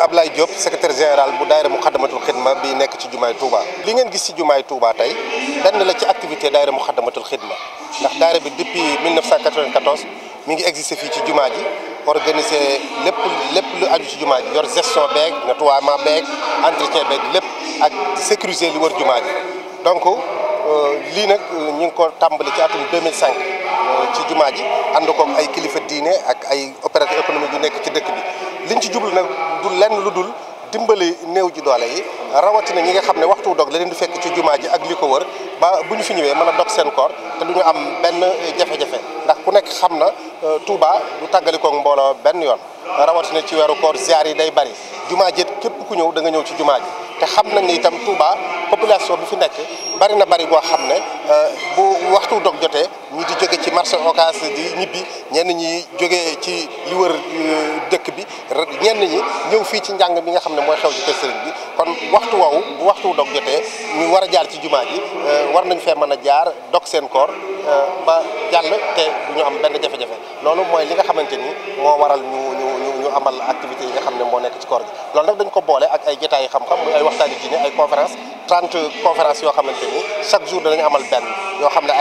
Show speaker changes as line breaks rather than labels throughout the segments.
Ablaye Diop secrétaire général bu daayira Muxaddamatul Xidma bi nekk ci jumaay Touba. li ngeen gis ci jumaay Touba tey benn la ci activité daayira Muxaddamatul Xidma ndax daayira bi depuis 1994 mi ngi existé fii ci jumaa ji organisé lépp lépp lu aju ci jumaa ji yor gestion beeg nettoiement beeg entretien beeg lépp ak sécuriser li war jumaa ji donc euh, lii nag euh, ñu ngi ko tàmbali ci atum 2005. ci jumaa ji ànd koog ay kilifa diine ak ay opérateur économique yu nekk ci dëkk bi liñ ci jublu nag du lenn lu dul dimbali néew ji doole yi rawatina ñi nga xam ne waxtu dog la leen di fekk ci jumaa ji ak li ko wër ba bu ñu fi ñëwee mën a dog seen koor te du ñu am benn jafe-jafe ndax ku nekk xam na euh, Touba du tàggalikoog mbooloo benn yoon rawatina ci weeru koor ziar yi day bari jumaa ji képp ku ñëw da nga ñëw ci jumaa ji te xam nañ ni itam Touba population bi fi nekk bari na bari boo xam ne euh, bu waxtu dog jotee jóge ci marché Ocass di ñibbi ñenn ñi jóge ci li wër euh, dëkk bi ñenn ñi ñëw fii ci njàng mi nga xam ne mooy xew ci kër sëriñ bi kon waxtu woowu bu waxtu dog jotee ñu war a jaar ci jumaa ji euh, war nañu fee mën a jaar dog seen koor euh, ba jàll te du ñu am benn jafe-jafe loolu mooy li nga xamante ni moo waral ñu ñu amal activité yi nga xam ne moo nekk ci koor gi loolu nag dañ ko boole ak ay jotaay xam-xam muy ay waxtaani diine ay conférence trente conférence yoo xamante ni chaque jour danañ amal benn yoo xam ne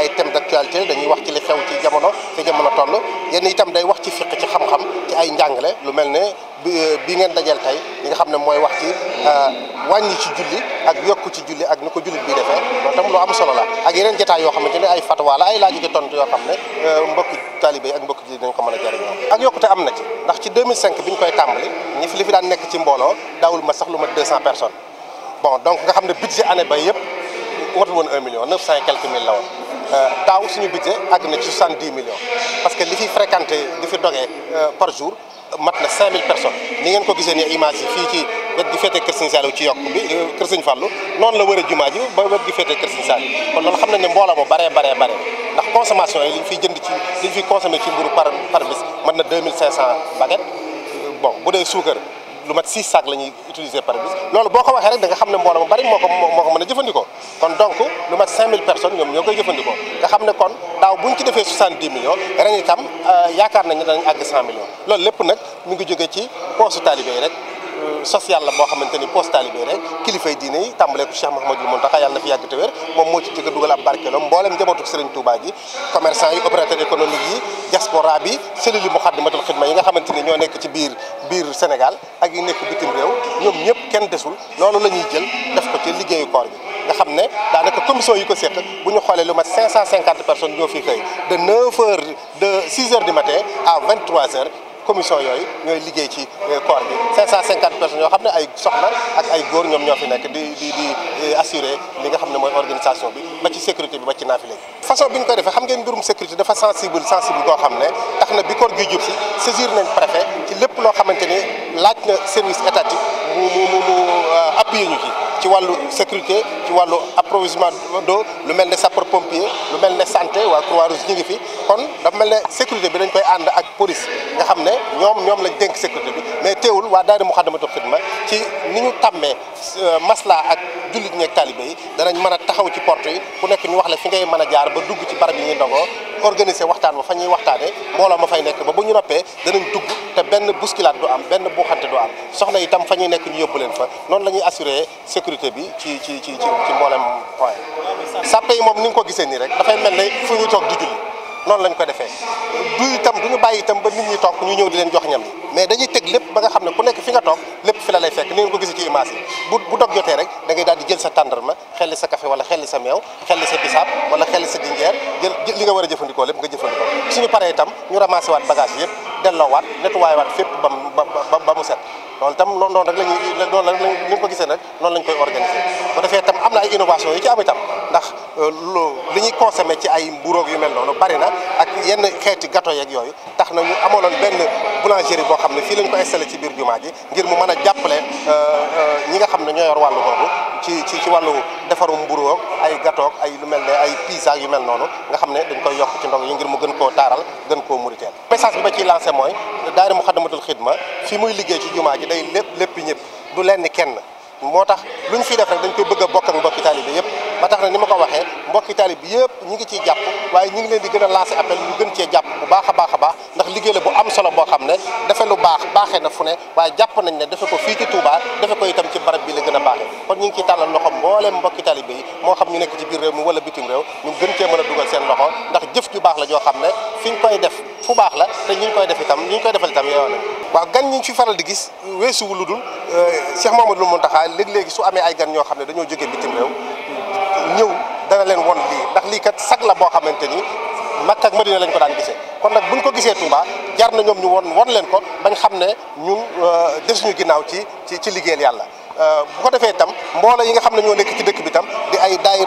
ci li xew ci jamono fi jamono toll yenn itam day wax ci fiq ci xam-xam ci ay njàngale lu mel ne bi euh, ngeen dajeel tey li nga xam ne mooy wax ci euh, wàññi ci julli ak yokku ci julli ak ni ko jullit bi defee loolu tam lu la ak yeneen jotaay yoo xamante ne ay fatwa ay laaj ci yoo xam ne euh, mbokk taalibe mbokk ji dañ ko mën a jëriñoo ak yokkute am na ci ndax ci 2005 bi ñu koy tàmbali ñi fi li fi daan nekk ci mbooloo daawul ma sax lu ma 200 personnes bon donc nga xam ne budget année ba yëpp watul woon 1 million 900 et quelques mille la woon taaw euh, suñu budget àgg na ci soixante dix millions parce que li fi fréquenté li fi dogee euh, par jour mat na cinq mille personnes ni ngeen ko gisee ni image yi fii ci wet gi féetee Kër Sëñ ci yokk bi euh, Kër Sëñ noonu la war a jumaa ji ba wet gi féetee Kër Sëñ Saliou kon loolu xam nañ ne mbooloo mu baree baree baree ndax consommation yi liñ fiy jënd ci liñ fiy consommé ci mburu par par bis mat na deux mille cinq cent baguettes bon bu dee suukar lu mat six sacs la ñuy utiliser par loolu boo ko waxee rek da nga xam ne mbooloo mu bari moo ko moo ko mën a jëfandikoo kon donc lu mat 5000 personnes ñoom ñoo koy jëfandikoo nga xam ne kon daaw bu ñu ci defee 70 millions ren itam euh, yaakaar nañ ne danañ àgg millions loolu lépp nag mu ngi jóge ci poosu taalibe yi rek social la boo xamante ni poste talibé rek diine yi tàmbalee ko Cheikh Mouhamadul Mountakha yàlla na fi yàgg te wér moom moo ci jëkk dugal ab barkeelam mboolem njabootu Serigne Touba gi commerçant yi opérateur économique yi diaspora bi cellule yi Moukhaddamatoul Khidma yi nga xamante ñoo nekk ci biir Sénégal ak yi nekk bitim réew ñoom ñëpp kenn desul loolu la jël def ko ci liggéeyu koor bi nga xam ne daanaka commission yi ko seq bu ñu xoolee lu commission yooyu ñooy liggéey ci euh, corps bi 550 personnes yoo xam ne ay soxna ak ay góor ñoom ñoo fi nekk di di di euh, assurer li nga xam ne mooy organisation bi ba ci sécurité bi ba ci naafile façon bi ñu koy defee xam ngeen mbirum sécurité dafa sensible sensible goo xam ne tax na bi koor gi jub si saisir nañ préfet ci lépp loo xamante ni laaj na service étatique mu mu mu euh, appuyer ñu ci ci wàllu sécurité ci wàllu approvisionnement d'eau lu mel ne sapeur pompier lu mel ne santé waa Croix-Rouge ñu ngi fi kon dafa mel ne sécurité bi dañ koy ànd ak police nga xam ne ñoom ñoom lañ dénk sécurité bi mais teewul waa daara Moukhaddamatoul Khidma ci ni ñu tàmmee euh, masla ak jullit ñeeg talibé yi danañ mën a taxaw ci porte yi ku nekk ñu wax la fi ngay mën a jaar ba dugg ci barab yi ñuy ndogoo organise waxtaan ba fa ñuy waxtaanee mbooloo ma fay nekk ba bu ñu noppee danañ dugg te benn bousculade du am benn buuxante du am soxna itam fa ñuy nekk ñu yóbbu leen fa noonu la ñuy assurer sécurité bi ci ci ci ci mboolem point sàppe yi moom ni nga ko gisee nii rek dafay mel ne fu ñu toog di julli noonu lañ ko defee du itam du ñu bàyyi itam ba nit ñi toog ñu ñëw di leen jox ñam mais dañuy teg lépp ba nga xam ne ku nekk fi nga toog lépp fi la lay fekk ni ngeen ko gisee ci image daal di jël sa tàndarma xelli sa café wala sa sa bisaab sa dinjeer jël li nga war a jëfandikoo lépp nga jëfandikoo suñu paree itam ñu ramassé waat bagage yëpp delloowaat nettoyé waat fépp ba mu ba mu set loolu itam noonu rek la ñuy noonu rek la ko gisee nag noonu lañ koy organiser bu defee tam am na ay innovation yu ci am itam ndax euh, li ñuy consommé ci ay mburoog yu mel noonu bari na ak yenn xeeti gato yeeg yooyu tax na ñu amaloon benn boulangerie boo xam ne fii lañ ko installé ci biir jumaa ji ngir mu mën a jàppale euh, euh, ñi nga xam ne ñoo yor wàllu boobu ci ci ci wàllu defarum mburoog ay gâteau ay lu mel ne ay pizza yu mel noonu nga xam ne dañ koy yokk ci ndog yi ngir mu gën koo taaral gën koo muriteel message bi ma ciy lancé mooy daayira Muxaddamatul Xidma fi muy liggéey ci jumaa ji day lépp lépp ñëpp du lenn kenn moo tax lu ñu fi def rek dañ koy bëgg a bokk ak mbokki taalibe yëpp ba tax na ni ma ko waxee mbokki taalibe yëpp ñi ngi ciy jàpp waaye ñu ngi leen di gën a lancé appel ñu gën cee jàpp bu baax a baax a baax ndax liggéey la bu am solo boo xam ne defe lu baax baaxe na fu ne waaye jàpp nañ ne defe ko fii ci Touba defe ko itam ci barab bi la gën a baaxee kon ñi ngi ciy tàllal loxo mbooleem mbokki taalibe yi moo xam ñu nekk ci biir réew mi wala bitim réew ñu gën cee mën a dugal seen ndax jëf ju baax la joo xam ne fi ñu koy def bu baax la te ñu ngi koy def itam ñu ñu koy defal itam yow waaw gan ñi fi faral di gis weesuwu lu dul euh, Cheikh Mamadou Mountakha léeg-léegi su amee ay gan ñoo xam ne dañoo jógee bitim réew ñëw dana leen won lii ndax lii kat sag la boo xamante ni Makka ma Madina lañ ko daan gisee kon nag bu buñ ko gisee Touba jar na ñoom ñu won won leen ko bañ xam ne ñun euh, des ñu ginnaaw ci ci ci liggéeyal yàlla euh, bu ko defee itam mbooloo yi nga xam ne ñoo nekk ci dëkk bi tam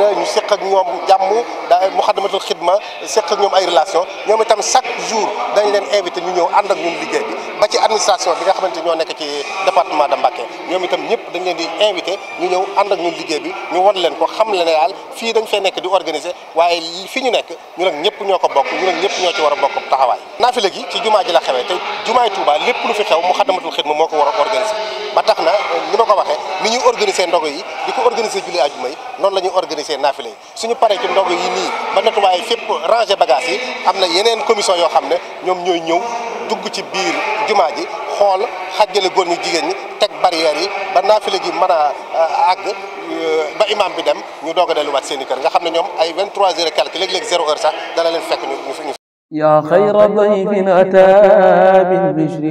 daayira ñu seq ak ñoom jàmm daa muxaddamatul xidma seq ñoom ay relation ñoom itam chaque jour dañ leen invité ñu ñëw ànd ak ñun liggéey bi ba ci administration bi nga xamante ñoo nekk ci département de Mbacké ñoom itam ñëpp dañ leen di invité ñu ñëw ànd ak ñun liggéey bi ñu wan leen ko xam leen daal fii dañ fee nekk di organiser waaye fi ñu nekk ñu nag ñëpp ñoo ko bokk ñu nag ñëpp ñoo ci war a bokk taxawaay naafila gi ci jumaa ji la xewee te jumaay Touba lépp lu fi xew muxaddamatul xidma moo ko war a organiser organiser ndogo yi di ko organiser julli ajuma yi noonu la ñuy organiser naafile yi suñu paree ci ndogo yi nii ba nettoyé fépp ranger bagage yi am na yeneen commission yoo xam ne ñoom ñooy ñëw dugg ci biir jumaa ji xool xàjjale góor ñi jigéen ñi teg barrières yi ba naafile gi mën a euh, àgg euh, ba imam bi dem ñu doog a delluwaat seen i kër nga xam ne ñoom ay 23 heures et quelques léeg-léeg 0 sax dana fekk ñu yaa xayra dayfin ataa bil bishri